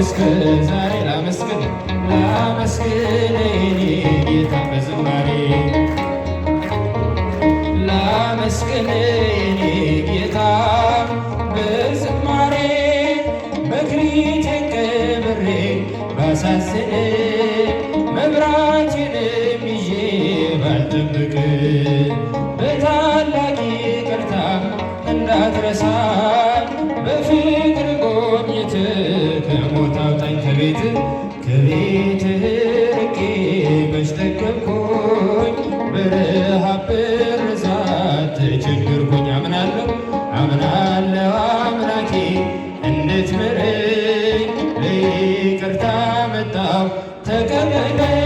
እስከ በዝማሬ ላመስግን ጌታ በዝማሬ መክሊቴ ከብሬ ባሳዝን መብራቴንም ይዤ በታላቅ ይቅርታ እንዳትረሳ ቤት ከቤት ርቄ መች ደከምኩኝ፣ በረሃብ በርዛት አምናለሁ አምናለሁ አምላኬ እንድትምረኝ ለይቅርታ መጣሁ ተቀበለኝ።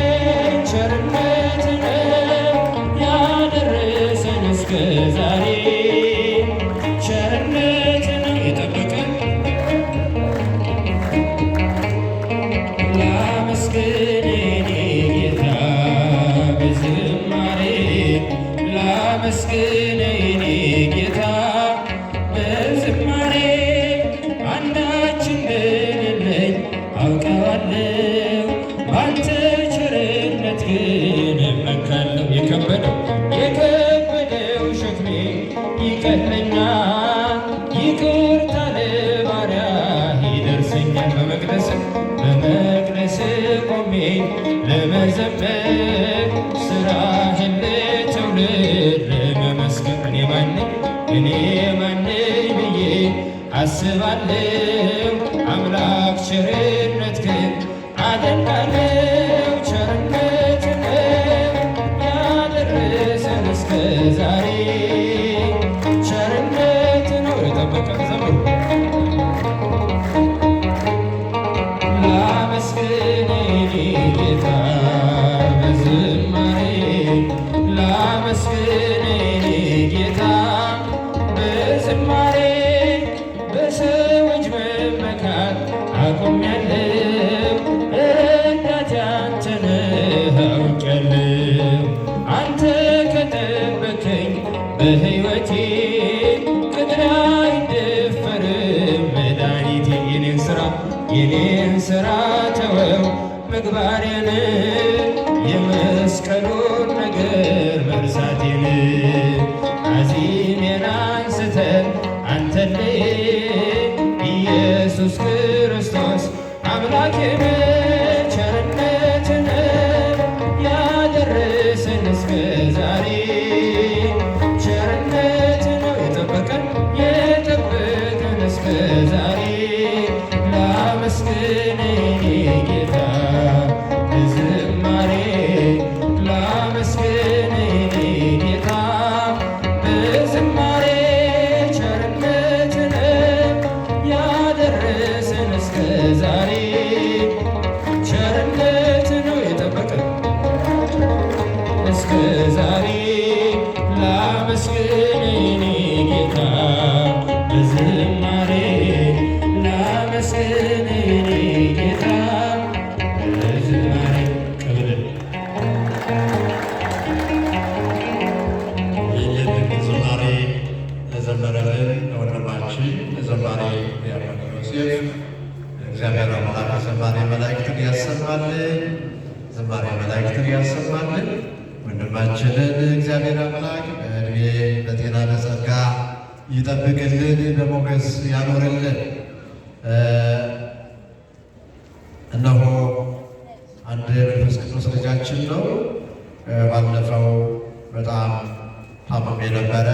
ለመዘመር ስራህን ለትውልድ ለመመስገን እኔ ማን እኔ ማነኝ ብዬ አስባለሁ። አምላክ ቸርነት ግን አደንቃለሁ ጌታ በዝማሬ በሰው መመካት አቁሜያለሁ። እርዳታ አንተ ነህ አውቄያለሁ። አንተ ከጠበከኝ በሕይወቴ ቅጥር አይደፈርም መድኃኒቴ። የኔን ሥራ የኔን ሥራ ተወው ኢየሱስ ክርስቶስ አምላኬ ዝማሬ ዮሴፍ እግዚአብሔር አምላክ ዝማሬ መላእክትን ያሰማልን፣ ዝማሬ መላእክትን ያሰማልን። ወንድማችንን እግዚአብሔር አምላክ በእድሜ በጤና በጸጋ ይጠብቅልን፣ በሞገስ ያኖርልን። እነሆ አንድ መንፈስ ቅዱስ ልጃችን ነው። ባለፈው በጣም ታምሜ ነበረ።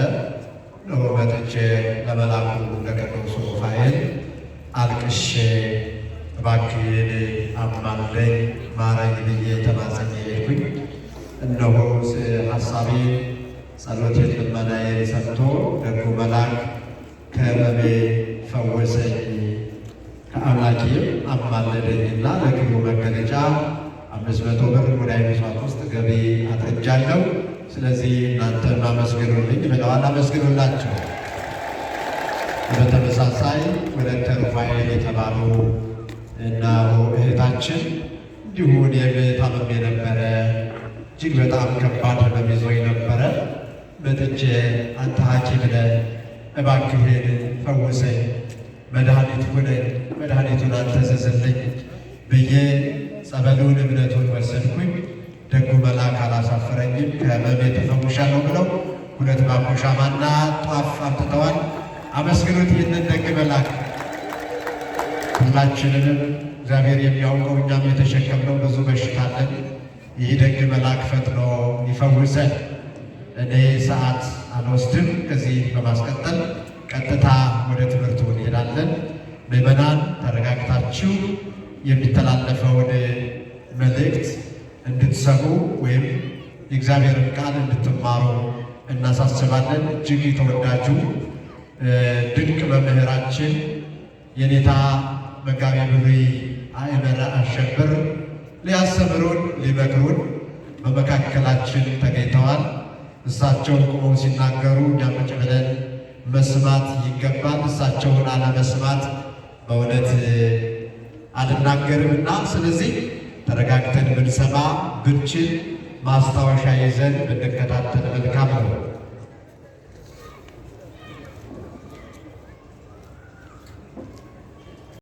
ራፋኤል አማልደኝ ማረኝ ብዬ ተማጽኜ ሄድኩኝ። እነሆ ሀሳቤን፣ ጸሎቴን፣ ልመናዬን ሰምቶ ደጉ መልአክ ከሕመሜ ፈወሰኝ። ከአምላኬም አማለደኝና ለክቡ መገለጫ አምስት መቶ ብር ሙዳይ መስዋዕት ውስጥ ገቢ አድርጃለሁ። ስለዚህ እናንተም አመስግኑልኝ ብለዋል። አመስግኑላቸው። በተመሳሳይ ወደ ተሩፋኤል የተባሉ እና እህታችን እንዲሁን የቤት አመም የነበረ እጅግ በጣም ከባድ ህመም ይዞኝ ነበረ። መጥቼ አንተ ሐኪም ነህ እባክህን ፈወሰኝ፣ መድኃኒት ሁነኝ፣ መድኃኒቱን አንተ ብዬ ጸበሉን እምነቱን ወሰድኩኝ። ደጉ መልአክ አላሳፈረኝም። ከህመሜ ተፈውሻለሁ ብለው ሁለት ማቆሻማና ጧፍ አምጥተዋል። አመስግኑት ይህንን ደግ መልአክ። ሁላችንንም እግዚአብሔር የሚያውቀው እኛም የተሸከምነው ብዙ በሽታ አለን። ይህ ደግ መልአክ ፈጥኖ ይፈውሰን። እኔ ሰዓት አልወስድም። ከዚህ በማስቀጠል ቀጥታ ወደ ትምህርቱ እንሄዳለን። ምዕመናን ተረጋግታችሁ የሚተላለፈውን መልእክት እንድትሰሙ ወይም የእግዚአብሔርን ቃል እንድትማሩ እናሳስባለን። እጅግ የተወዳጁ ድንቅ መምህራችን የኔታ መጋቢ ብሉይ አእመረ አሸብር ሊያስተምሩን ሊመክሩን በመካከላችን ተገኝተዋል። እሳቸውን ቁመው ሲናገሩ ዳመጭ ብለን መስማት ይገባል። እሳቸውን አለመስማት በእውነት እና ስለዚህ ተረጋግተን ብንሰማ ብንችል ማስታወሻ ይዘን ብንከታተል መልካም ነው።